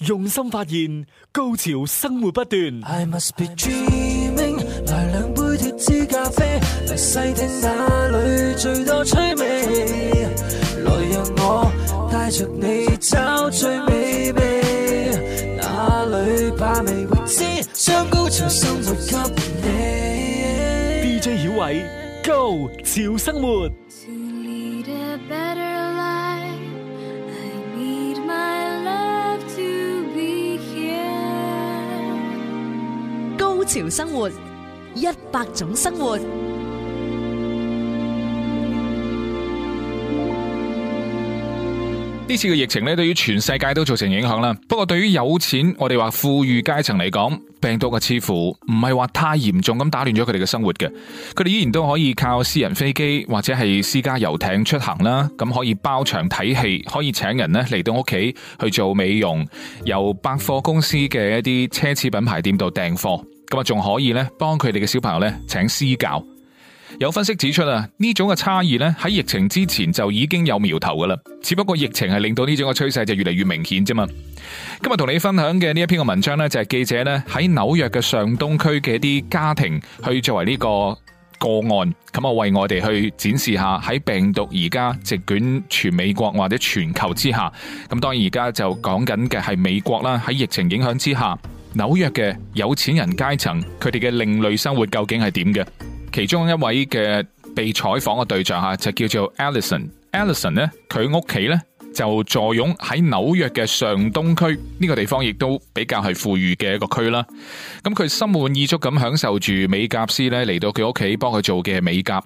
用心發現高潮生活不斷 I must be dreaming 來兩杯脫脂咖啡來細聽哪裏最多趣味來讓我帶着你找最美味哪裏把活知將高潮生活給你 DJ 曉偉 Go 潮生活潮生活，一百種生活。呢次嘅疫情咧，對於全世界都造成影響啦。不過，對於有錢我哋話富裕階層嚟講，病毒嘅似乎唔係話太嚴重咁打亂咗佢哋嘅生活嘅。佢哋依然都可以靠私人飛機或者係私家遊艇出行啦。咁可以包場睇戲，可以請人咧嚟到屋企去做美容，由百貨公司嘅一啲奢侈品牌店度訂貨。咁啊，仲可以咧，幫佢哋嘅小朋友咧，請私教。有分析指出啊，呢種嘅差異咧，喺疫情之前就已經有苗頭噶啦，只不過疫情係令到呢種嘅趨勢就越嚟越明顯啫嘛。今日同你分享嘅呢一篇嘅文章呢，就係記者呢喺紐約嘅上東區嘅一啲家庭去作為呢個個案，咁啊為我哋去展示下喺病毒而家席捲全美國或者全球之下，咁當然而家就講緊嘅係美國啦，喺疫情影響之下。紐約嘅有錢人階層，佢哋嘅另類生活究竟係點嘅？其中一位嘅被採訪嘅對象吓就叫做 Alison。Alison 呢，佢屋企呢就坐擁喺紐約嘅上東區呢個地方，亦都比較係富裕嘅一個區啦。咁佢心滿意足咁享受住美甲師呢嚟，到佢屋企幫佢做嘅美甲。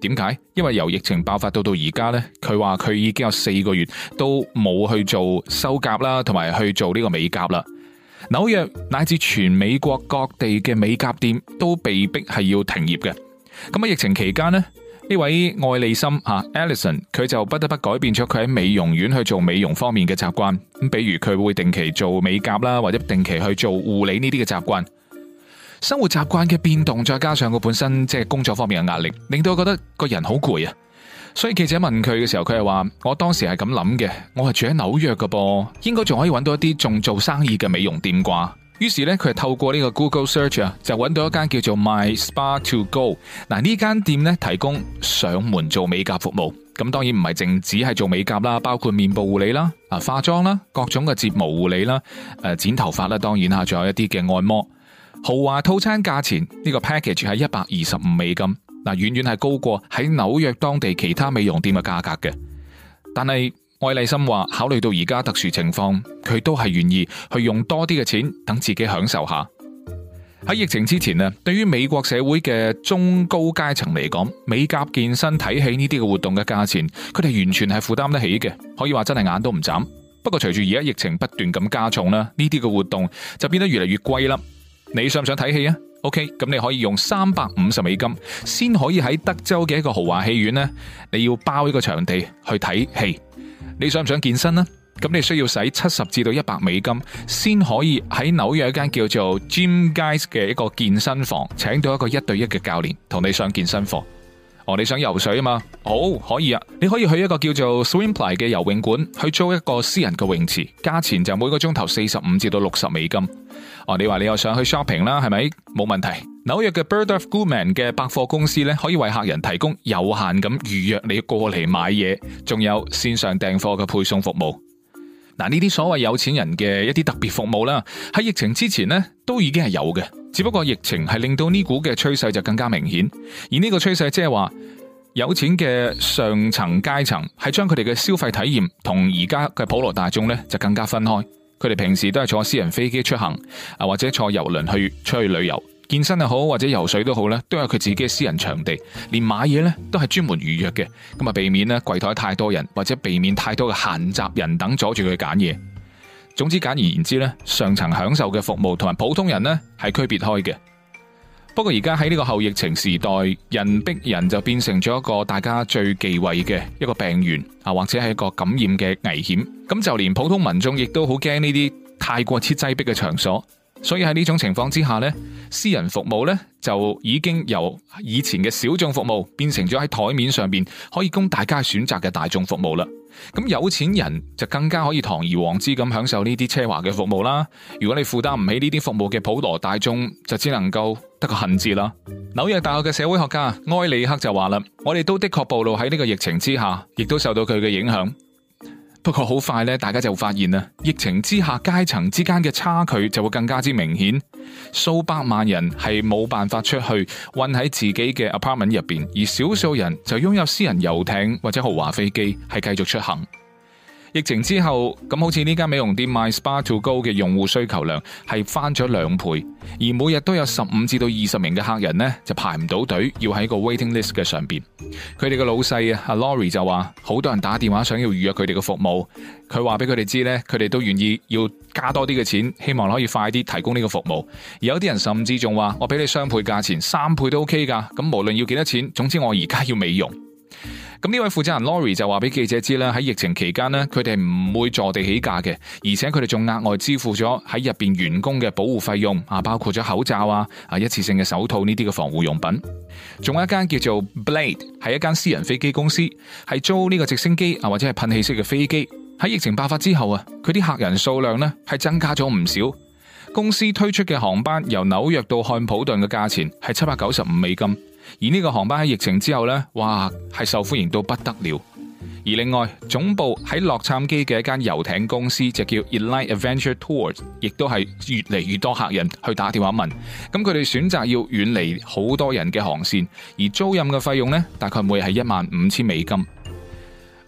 點解？因為由疫情爆發到到而家呢，佢話佢已經有四個月都冇去做修甲啦，同埋去做呢個美甲啦。紐約乃至全美國各地嘅美甲店都被逼係要停業嘅。咁喺疫情期間呢，呢位愛利森吓、啊、Alison 佢就不得不改變咗佢喺美容院去做美容方面嘅習慣。咁，比如佢會定期做美甲啦，或者定期去做護理呢啲嘅習慣。生活習慣嘅變動，再加上佢本身即係、就是、工作方面嘅壓力，令到佢覺得個人好攰啊。所以記者問佢嘅時候，佢係話：我當時係咁諗嘅，我係住喺紐約㗎噃，應該仲可以搵到一啲仲做生意嘅美容店啩。於是呢，佢係透過呢個 Google Search 啊，就搵到一間叫做 My Spa To Go。嗱，呢間店呢，提供上門做美甲服務，咁當然唔係淨只係做美甲啦，包括面部護理啦，啊化妝啦、各種嘅睫毛護理啦、誒剪頭髮啦，當然吓，仲有一啲嘅按摩豪華套餐價錢，呢個 package 係一百二十五美金。嗱，遠遠係高過喺紐約當地其他美容店嘅價格嘅。但係愛麗森話，考慮到而家特殊情況，佢都係願意去用多啲嘅錢，等自己享受下。喺疫情之前咧，對於美國社會嘅中高階層嚟講，美甲、健身、睇戲呢啲嘅活動嘅價錢，佢哋完全係負擔得起嘅，可以話真係眼都唔眨。不過隨住而家疫情不斷咁加重啦，呢啲嘅活動就變得越嚟越貴啦。你想唔想睇戲啊？OK，咁你可以用三百五十美金，先可以喺德州嘅一個豪華戲院呢。你要包一個場地去睇戲。你想唔想健身呢？咁你需要使七十至到一百美金，先可以喺紐約一間叫做 Gym Guys 嘅一個健身房，請到一個一對一嘅教練同你上健身課。哦，你想游水啊嘛？好，可以啊，你可以去一個叫做 Swimply 嘅游泳館去租一個私人嘅泳池，價錢就每個鐘頭四十五至到六十美金。哦，你話你又想去 shopping 啦，係咪？冇問題，紐約嘅 Bergdorf Goodman 嘅百貨公司咧，可以為客人提供有限咁預約你過嚟買嘢，仲有線上訂貨嘅配送服務。嗱，呢啲所謂有錢人嘅一啲特別服務啦，喺疫情之前呢都已經係有嘅，只不過疫情係令到呢股嘅趨勢就更加明顯，而呢個趨勢即係話有錢嘅上層階層係將佢哋嘅消費體驗同而家嘅普羅大眾呢就更加分開，佢哋平時都係坐私人飛機出行啊，或者坐遊輪去出去旅遊。健身又好，或者游水都好咧，都有佢自己嘅私人場地。連買嘢咧都係專門預約嘅，咁啊避免咧櫃台太多人，或者避免太多嘅閒雜人等阻住佢揀嘢。總之簡而言之咧，上層享受嘅服務同埋普通人咧係區別開嘅。不過而家喺呢個後疫情時代，人逼人就變成咗一個大家最忌諱嘅一個病源啊，或者係一個感染嘅危險。咁就連普通民眾亦都好驚呢啲太過擠擠逼嘅場所。所以喺呢種情況之下呢，私人服務呢，就已經由以前嘅小眾服務變成咗喺台面上邊可以供大家選擇嘅大眾服務啦。咁有錢人就更加可以堂而皇之咁享受呢啲奢華嘅服務啦。如果你負擔唔起呢啲服務嘅普羅大眾，就只能夠得個恨字啦。紐約大學嘅社會學家埃里克就話啦：我哋都的確暴露喺呢個疫情之下，亦都受到佢嘅影響。不過好快咧，大家就會發現啊，疫情之下階層之間嘅差距就會更加之明顯。數百萬人係冇辦法出去，困喺自己嘅 apartment 入邊，而少數人就擁有私人遊艇或者豪華飛機，係繼續出行。疫情之後，咁好似呢間美容店 My Spa To Go 嘅用戶需求量係翻咗兩倍，而每日都有十五至到二十名嘅客人呢就排唔到隊，要喺個 waiting list 嘅上面。佢哋嘅老細啊，阿 Laurie 就話：好多人打電話想要預約佢哋嘅服務，佢話俾佢哋知呢，佢哋都願意要加多啲嘅錢，希望可以快啲提供呢個服務。而有啲人甚至仲話：我俾你雙倍價錢、三倍都 OK 㗎。咁無論要幾多錢，總之我而家要美容。咁呢位負責人 Laurie 就話俾記者知啦，喺疫情期間呢，佢哋唔會坐地起價嘅，而且佢哋仲額外支付咗喺入邊員工嘅保護費用啊，包括咗口罩啊、啊一次性嘅手套呢啲嘅防護用品。仲有一間叫做 Blade，係一間私人飛機公司，係租呢個直升機啊或者係噴氣式嘅飛機。喺疫情爆發之後啊，佢啲客人數量呢係增加咗唔少。公司推出嘅航班由紐約到漢普頓嘅價錢係七百九十五美金。而呢個航班喺疫情之後呢，哇，係受歡迎到不得了。而另外總部喺洛杉磯嘅一間遊艇公司，就叫 Elite Adventure Tours，亦都係越嚟越多客人去打電話問。咁佢哋選擇要遠離好多人嘅航線，而租賃嘅費用呢，大概每係一萬五千美金。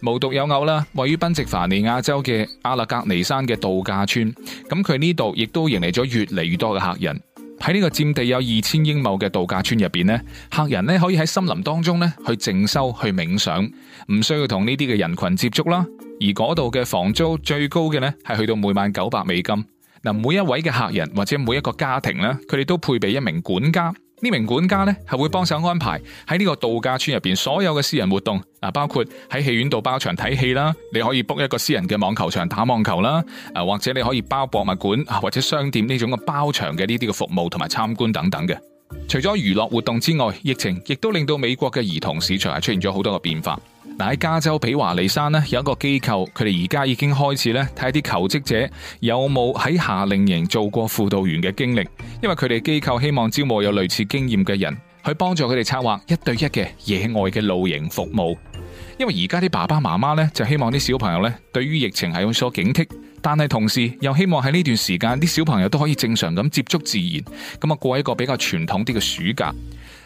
無獨有偶啦，位於賓夕凡尼亞州嘅阿勒格尼山嘅度假村，咁佢呢度亦都迎嚟咗越嚟越多嘅客人。喺呢個佔地有二千英畝嘅度假村入邊咧，客人咧，可以喺森林當中咧，去靜修去冥想，唔需要同呢啲嘅人群接觸啦。而嗰度嘅房租最高嘅咧，係去到每晚九百美金。嗱，每一位嘅客人或者每一個家庭咧，佢哋都配備一名管家。呢名管家呢，係會幫手安排喺呢個度假村入邊所有嘅私人活動，啊包括喺戲院度包場睇戲啦，你可以 book 一個私人嘅網球場打網球啦，啊或者你可以包博物館或者商店呢種嘅包場嘅呢啲嘅服務同埋參觀等等嘅。除咗娛樂活動之外，疫情亦都令到美國嘅兒童市場係出現咗好多嘅變化。喺加州比華利山咧有一個機構，佢哋而家已經開始咧睇一啲求職者有冇喺夏令營做過輔導員嘅經歷，因為佢哋機構希望招募有類似經驗嘅人去幫助佢哋策劃一對一嘅野外嘅露營服務。因為而家啲爸爸媽媽咧就希望啲小朋友咧對於疫情係有所警惕，但係同時又希望喺呢段時間啲小朋友都可以正常咁接觸自然，咁啊過一個比較傳統啲嘅暑假。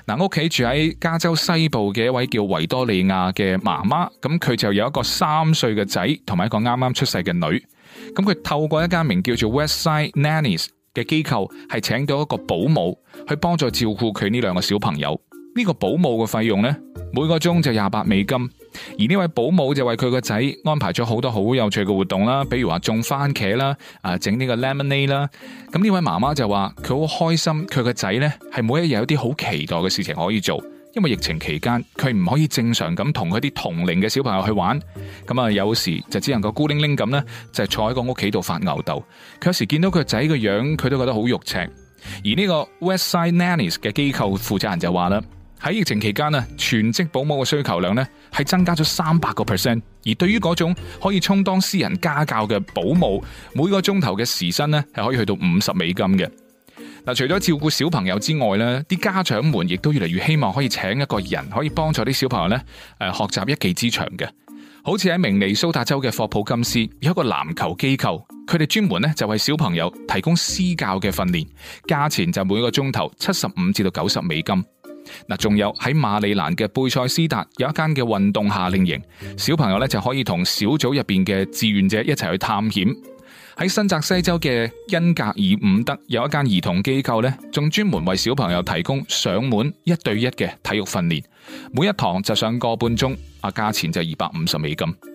嗱，屋企住喺加州西部嘅一位叫維多利亞嘅媽媽，咁佢就有一個三歲嘅仔，同埋一個啱啱出世嘅女，咁佢透過一間名叫做 Westside Nannies 嘅機構，係請到一個保姆去幫助照顧佢呢兩個小朋友。呢個保姆嘅費用呢，每個鐘就廿八美金。而呢位保姆就為佢個仔安排咗好多好有趣嘅活動啦，比如話種番茄啦，啊整呢個 lemonade 啦。咁呢位媽媽就話佢好開心，佢個仔呢係每一日有啲好期待嘅事情可以做，因為疫情期間佢唔可以正常咁同佢啲同齡嘅小朋友去玩，咁啊有時就只能夠孤零零咁呢，就坐喺個屋企度發吽哣。佢有時見到佢個仔個樣，佢都覺得好肉赤。而呢個 Westside Nannies 嘅機構負責人就話啦。喺疫情期間全職保姆嘅需求量咧係增加咗三百個 percent。而對於嗰種可以充當私人家教嘅保姆，每個鐘頭嘅時薪咧係可以去到五十美金嘅嗱。除咗照顧小朋友之外咧，啲家長們亦都越嚟越希望可以請一個人可以幫助啲小朋友咧，誒，學習一技之長嘅。好似喺明尼蘇達州嘅霍普金斯有一個籃球機構，佢哋專門咧，就為小朋友提供私教嘅訓練，價錢就每個鐘頭七十五至到九十美金。嗱，仲有喺馬里蘭嘅貝塞斯達有一間嘅運動夏令營，小朋友咧就可以同小組入邊嘅志願者一齊去探險。喺新澤西州嘅恩格爾伍德有一間兒童機構咧，仲專門為小朋友提供上門一對一嘅體育訓練，每一堂就上個半鐘，啊，價錢就二百五十美金。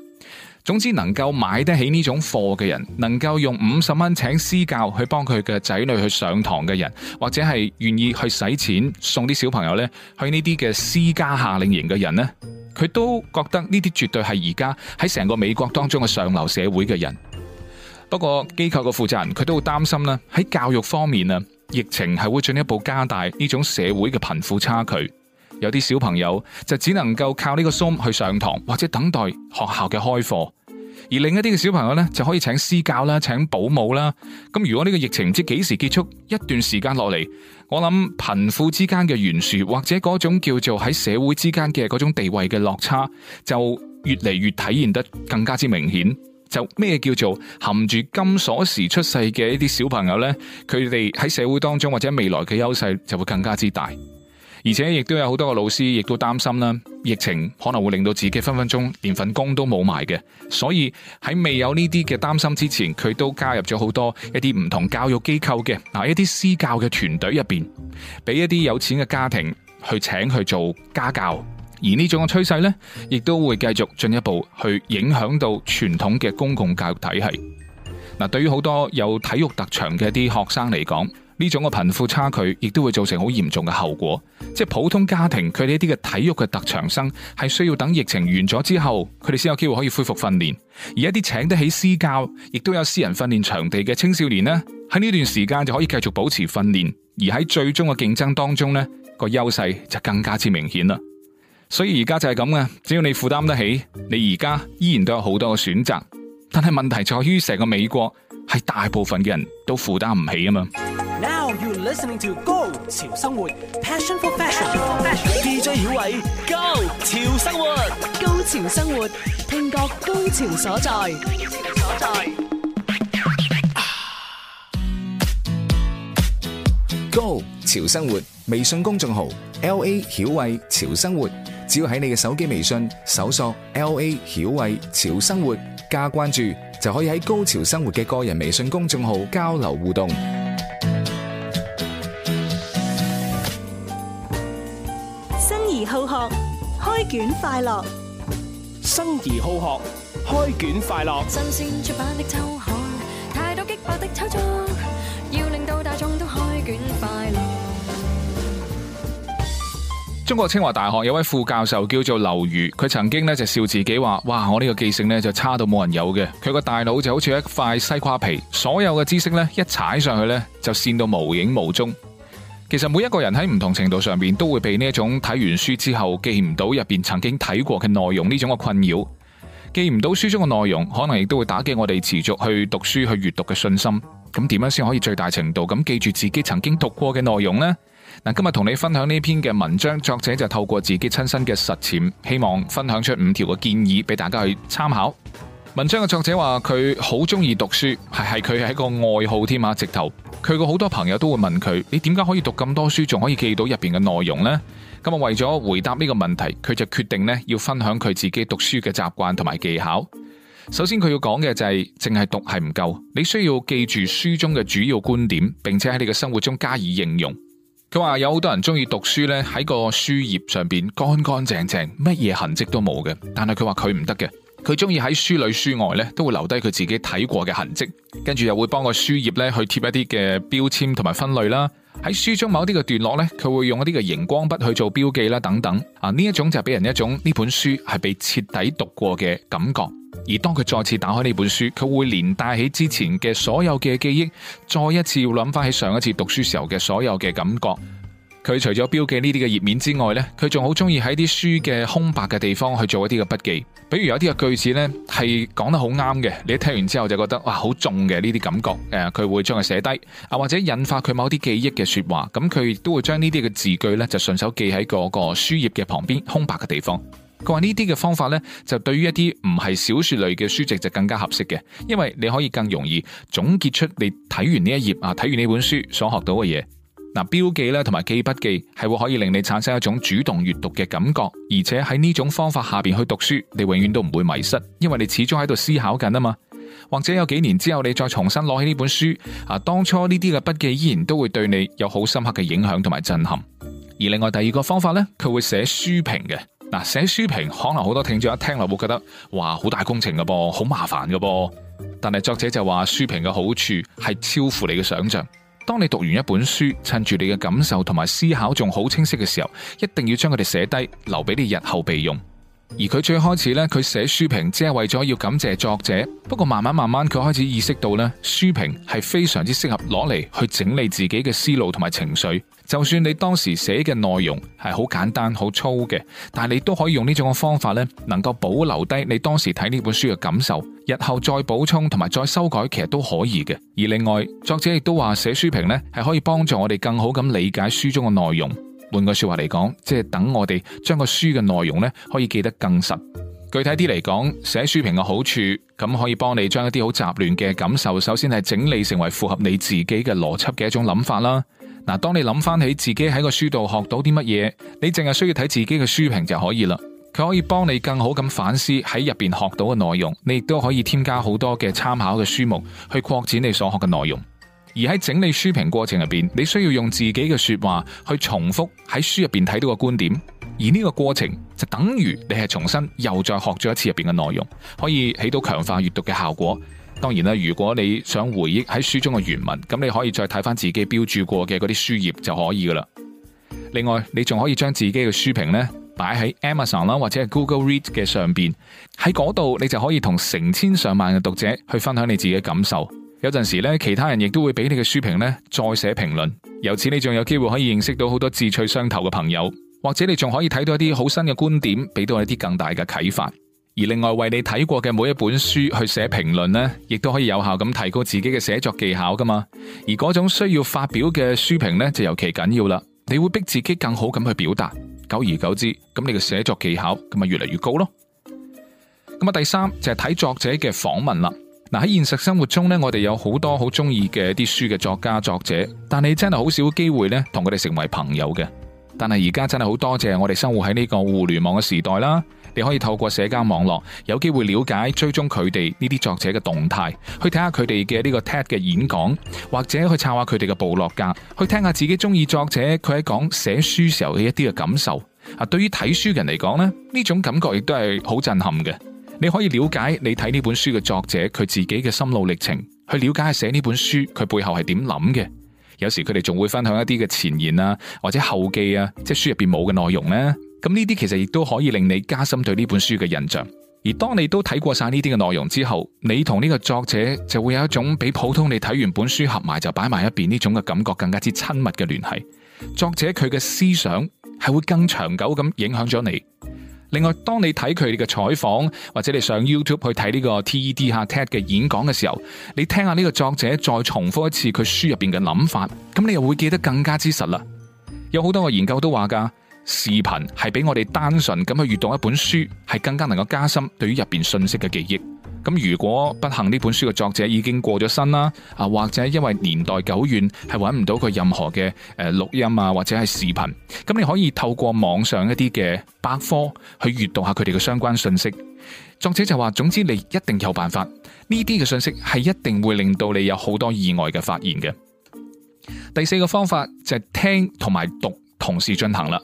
總之，能夠買得起呢種貨嘅人，能夠用五十蚊請私教去幫佢嘅仔女去上堂嘅人，或者係願意去使錢送啲小朋友呢去呢啲嘅私家夏令營嘅人呢，佢都覺得呢啲絕對係而家喺成個美國當中嘅上流社會嘅人。不過機構嘅負責人佢都好擔心啦，喺教育方面啊，疫情係會進一步加大呢種社會嘅貧富差距。有啲小朋友就只能夠靠呢個 Zoom 去上堂，或者等待學校嘅開課；而另一啲嘅小朋友呢，就可以請私教啦，請保姆啦。咁如果呢個疫情唔知幾時結束，一段時間落嚟，我諗貧富之間嘅懸殊，或者嗰種叫做喺社會之間嘅嗰種地位嘅落差，就越嚟越體現得更加之明顯。就咩叫做含住金鎖匙出世嘅一啲小朋友呢，佢哋喺社會當中或者未來嘅優勢就會更加之大。而且亦都有好多嘅老師，亦都擔心啦，疫情可能會令到自己分分鐘連份工都冇埋嘅。所以喺未有呢啲嘅擔心之前，佢都加入咗好多一啲唔同教育機構嘅嗱一啲私教嘅團隊入邊，俾一啲有錢嘅家庭去請去做家教。而呢種嘅趨勢咧，亦都會繼續進一步去影響到傳統嘅公共教育體系。嗱，對於好多有體育特長嘅一啲學生嚟講。呢種嘅貧富差距亦都會造成好嚴重嘅後果，即係普通家庭佢哋呢一啲嘅體育嘅特長生係需要等疫情完咗之後，佢哋先有機會可以恢復訓練；而一啲請得起私教，亦都有私人訓練場地嘅青少年呢，喺呢段時間就可以繼續保持訓練，而喺最終嘅競爭當中呢，個優勢就更加之明顯啦。所以而家就係咁嘅，只要你負擔得起，你而家依然都有好多嘅選擇，但係問題在於成個美國係大部分嘅人都負擔唔起啊嘛。Listening to Go 潮生活，Passion for Fashion，DJ 曉偉，Go 潮生活，高潮，潮生活，聽覺高潮所在，高潮所在。Go 潮生活微信公眾號 LA 曉偉潮生活，只要喺你嘅手機微信搜索 LA 曉偉潮生活加關注，就可以喺高潮生活嘅個人微信公眾號交流互動。開卷快樂，生而好學，開卷快樂。新鮮出版的秋刊，太多激爆的炒作，要令到大眾都開卷快樂。中國清華大學有位副教授叫做劉瑜，佢曾經咧就笑自己話：「哇，我呢個記性咧就差到冇人有嘅。佢個大腦就好似一塊西瓜皮，所有嘅知識咧一踩上去咧就扇到無影無蹤。其實每一個人喺唔同程度上面都會被呢一種睇完書之後記唔到入面曾經睇過嘅內容呢種嘅困擾，記唔到書中嘅內容，可能亦都會打擊我哋持續去讀書去閱讀嘅信心。咁點樣先可以最大程度咁記住自己曾經讀過嘅內容呢？嗱，今日同你分享呢篇嘅文章，作者就透過自己親身嘅實踐，希望分享出五條嘅建議俾大家去參考。文章嘅作者話：佢好中意讀書，係係佢係一個愛好添啊！直頭，佢個好多朋友都會問佢：「你點解可以讀咁多書，仲可以記到入邊嘅內容呢？」咁啊，為咗回答呢個問題，佢就決定呢要分享佢自己讀書嘅習慣同埋技巧。首先他，佢要講嘅就係淨係讀係唔夠，你需要記住書中嘅主要觀點，並且喺你嘅生活中加以應用。佢話有好多人中意讀書呢喺個書頁上邊乾乾淨淨，乜嘢痕跡都冇嘅，但係佢話佢唔得嘅。佢中意喺書裏書外咧，都會留低佢自己睇過嘅痕跡，跟住又會幫個書頁咧去貼一啲嘅標籤同埋分類啦。喺書中某啲嘅段落咧，佢會用一啲嘅熒光筆去做標記啦，等等。啊，呢一種就俾人一種呢本書係被徹底讀過嘅感覺。而當佢再次打開呢本書，佢會連帶起之前嘅所有嘅記憶，再一次要諗翻起上一次讀書時候嘅所有嘅感覺。佢除咗標記呢啲嘅頁面之外呢，佢仲好中意喺啲書嘅空白嘅地方去做一啲嘅筆記。比如有啲嘅句子呢係講得好啱嘅，你一聽完之後就覺得哇，好重嘅呢啲感覺，誒佢會將佢寫低啊，或者引發佢某啲記憶嘅說話，咁佢亦都會將呢啲嘅字句呢就順手記喺嗰個書頁嘅旁邊空白嘅地方。佢話呢啲嘅方法呢，就對於一啲唔係小說類嘅書籍就更加合適嘅，因為你可以更容易總結出你睇完呢一頁啊睇完呢本書所學到嘅嘢。嗱，標記咧同埋記筆記係會可以令你產生一種主動閱讀嘅感覺，而且喺呢種方法下邊去讀書，你永遠都唔會迷失，因為你始終喺度思考緊啊嘛。或者有幾年之後，你再重新攞起呢本書，啊，當初呢啲嘅筆記依然都會對你有好深刻嘅影響同埋震撼。而另外第二個方法咧，佢會寫書評嘅。嗱，寫書評可能好多聽眾一聽落會覺得，哇，好大工程嘅噃，好麻煩嘅噃。但係作者就話，書評嘅好處係超乎你嘅想象。當你讀完一本書，趁住你嘅感受同埋思考仲好清晰嘅時候，一定要將佢哋寫低，留俾你日後備用。而佢最開始咧，佢寫書評只係為咗要感謝作者。不過慢慢慢慢，佢開始意識到咧，書評係非常之適合攞嚟去整理自己嘅思路同埋情緒。就算你當時寫嘅內容係好簡單、好粗嘅，但係你都可以用呢種嘅方法呢能夠保留低你當時睇呢本書嘅感受，日後再補充同埋再修改，其實都可以嘅。而另外作者亦都話寫書評呢係可以幫助我哋更好咁理解書中嘅內容。換句說話嚟講，即係等我哋將個書嘅內容呢可以記得更實。具體啲嚟講，寫書評嘅好處，咁可以幫你將一啲好雜亂嘅感受，首先係整理成為符合你自己嘅邏輯嘅一種諗法啦。嗱，當你諗翻起自己喺個書度學到啲乜嘢，你淨係需要睇自己嘅書評就可以啦。佢可以幫你更好咁反思喺入邊學到嘅內容，你亦都可以添加好多嘅參考嘅書目去擴展你所學嘅內容。而喺整理書評過程入邊，你需要用自己嘅說話去重複喺書入邊睇到嘅觀點，而呢個過程就等於你係重新又再學咗一次入邊嘅內容，可以起到強化閱讀嘅效果。當然啦，如果你想回憶喺書中嘅原文，咁你可以再睇翻自己標注過嘅嗰啲書頁就可以噶啦。另外，你仲可以將自己嘅書評呢擺喺 Amazon 啦，或者係 Google Read 嘅上邊，喺嗰度你就可以同成千上萬嘅讀者去分享你自己嘅感受。有陣時呢，其他人亦都會俾你嘅書評呢再寫評論。由此，你仲有機會可以認識到好多志趣相投嘅朋友，或者你仲可以睇到一啲好新嘅觀點，俾到一啲更大嘅啟發。而另外為你睇過嘅每一本書去寫評論呢，亦都可以有效咁提高自己嘅寫作技巧噶嘛。而嗰種需要發表嘅書評呢，就尤其緊要啦。你會逼自己更好咁去表達，久而久之，咁你嘅寫作技巧咁咪越嚟越高咯。咁啊，第三就係睇作者嘅訪問啦。嗱喺現實生活中呢，我哋有好多好中意嘅啲書嘅作家作者，但你真係好少機會呢同佢哋成為朋友嘅。但係而家真係好多謝我哋生活喺呢個互聯網嘅時代啦。你可以透過社交網絡，有機會了解追蹤、追蹤佢哋呢啲作者嘅動態，去睇下佢哋嘅呢個 TED 嘅演講，或者去抄下佢哋嘅部落格，去聽下自己中意作者佢喺講寫書時候嘅一啲嘅感受。啊，對於睇書人嚟講呢，呢種感覺亦都係好震撼嘅。你可以了解你睇呢本書嘅作者佢自己嘅心路歷程，去了解寫呢本書佢背後係點諗嘅。有時佢哋仲會分享一啲嘅前言啊，或者後記啊，即係書入邊冇嘅內容呢。咁呢啲其實亦都可以令你加深對呢本書嘅印象。而當你都睇過晒呢啲嘅內容之後，你同呢個作者就會有一種比普通你睇完本書合埋就擺埋一邊呢種嘅感覺更加之親密嘅聯繫。作者佢嘅思想係會更長久咁影響咗你。另外，當你睇佢哋嘅採訪或者你上 YouTube 去睇呢個 TED 下 TED 嘅演講嘅時候，你聽下呢個作者再重複一次佢書入邊嘅諗法，咁你又會記得更加之實啦。有好多嘅研究都話噶。視頻係比我哋單純咁去閱讀一本書係更加能夠加深對於入面信息嘅記憶。咁如果不幸呢本書嘅作者已經過咗身啦，啊或者因為年代久遠係揾唔到佢任何嘅誒錄音啊或者係視頻，咁你可以透過網上一啲嘅百科去閱讀下佢哋嘅相關信息。作者就話，總之你一定有辦法。呢啲嘅信息係一定會令到你有好多意外嘅發現嘅。第四個方法就係聽同埋讀同時進行啦。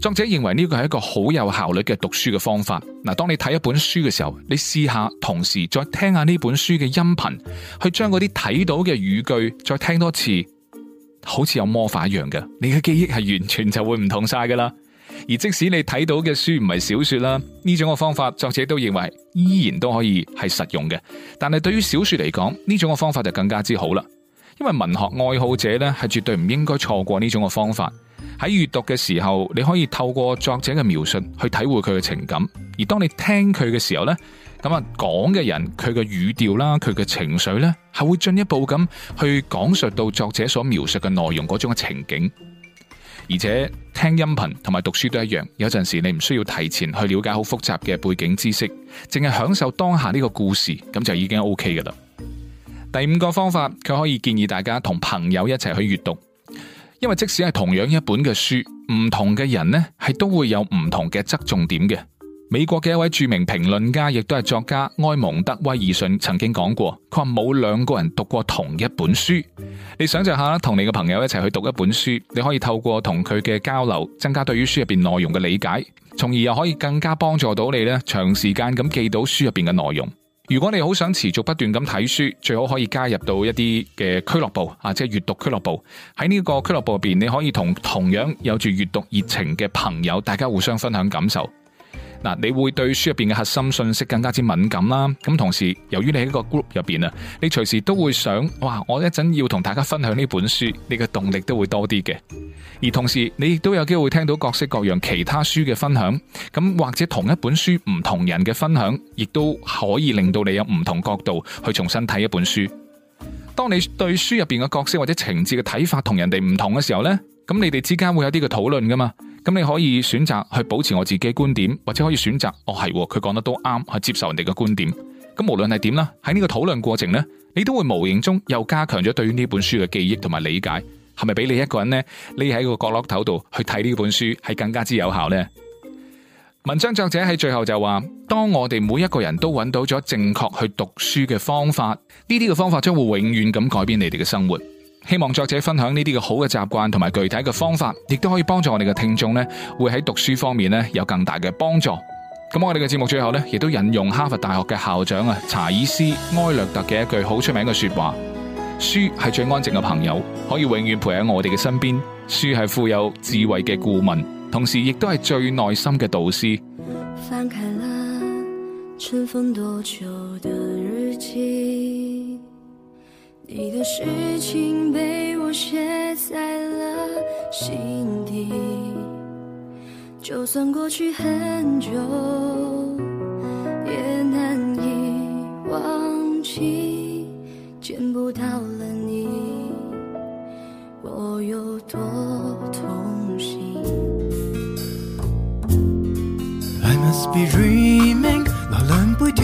作者認為呢個係一個好有效率嘅讀書嘅方法。嗱，當你睇一本書嘅時候，你試下同時再聽下呢本書嘅音頻，去將嗰啲睇到嘅語句再聽多次，好似有魔法一樣嘅。你嘅記憶係完全就會唔同晒噶啦。而即使你睇到嘅書唔係小說啦，呢種嘅方法，作者都認為依然都可以係實用嘅。但係對於小說嚟講，呢種嘅方法就更加之好啦。因為文學愛好者呢係絕對唔應該錯過呢種嘅方法。喺閱讀嘅時候，你可以透過作者嘅描述去體會佢嘅情感；而當你聽佢嘅時候呢，咁啊講嘅人，佢嘅語調啦，佢嘅情緒呢，係會進一步咁去講述到作者所描述嘅內容嗰種嘅情景。而且聽音頻同埋讀書都一樣，有陣時你唔需要提前去了解好複雜嘅背景知識，淨係享受當下呢個故事，咁就已經 OK 噶啦。第五個方法，佢可以建議大家同朋友一齊去閱讀。因為即使係同樣一本嘅書，唔同嘅人呢係都會有唔同嘅側重點嘅。美國嘅一位著名評論家亦都係作家埃蒙德威爾遜曾經講過，佢話冇兩個人讀過同一本書。你想象下，同你嘅朋友一齊去讀一本書，你可以透過同佢嘅交流，增加對於書入邊內容嘅理解，從而又可以更加幫助到你呢，長時間咁記到書入邊嘅內容。如果你好想持續不斷咁睇書，最好可以加入到一啲嘅俱樂部啊，即係閱讀俱樂部。喺呢個俱樂部入邊，你可以同同樣有住閱讀熱情嘅朋友，大家互相分享感受。嗱，你會對書入邊嘅核心信息更加之敏感啦。咁同時，由於你喺個 group 入邊啊，你隨時都會想，哇！我一陣要同大家分享呢本書，你嘅動力都會多啲嘅。而同時，你亦都有機會聽到各式各樣其他書嘅分享。咁或者同一本書唔同人嘅分享，亦都可以令到你有唔同角度去重新睇一本書。當你對書入邊嘅角色或者情節嘅睇法同人哋唔同嘅時候呢，咁你哋之間會有啲嘅討論噶嘛？咁你可以選擇去保持我自己嘅觀點，或者可以選擇哦係佢講得都啱，去接受人哋嘅觀點。咁無論係點啦，喺呢個討論過程呢，你都會無形中又加強咗對於呢本書嘅記憶同埋理解。係咪俾你一個人呢？匿喺個角落頭度去睇呢本書係更加之有效呢？文章作者喺最後就話：當我哋每一個人都揾到咗正確去讀書嘅方法，呢啲嘅方法將會永遠咁改變你哋嘅生活。希望作者分享呢啲嘅好嘅習慣同埋具體嘅方法，亦都可以幫助我哋嘅聽眾呢會喺讀書方面呢有更大嘅幫助。咁我哋嘅節目最後呢，亦都引用哈佛大學嘅校長啊查爾斯·埃略特嘅一句好出名嘅說話：書係最安靜嘅朋友，可以永遠陪喺我哋嘅身邊；書係富有智慧嘅顧問，同時亦都係最耐心嘅導師。翻開你的事情被我寫在了心底，就算過去很久。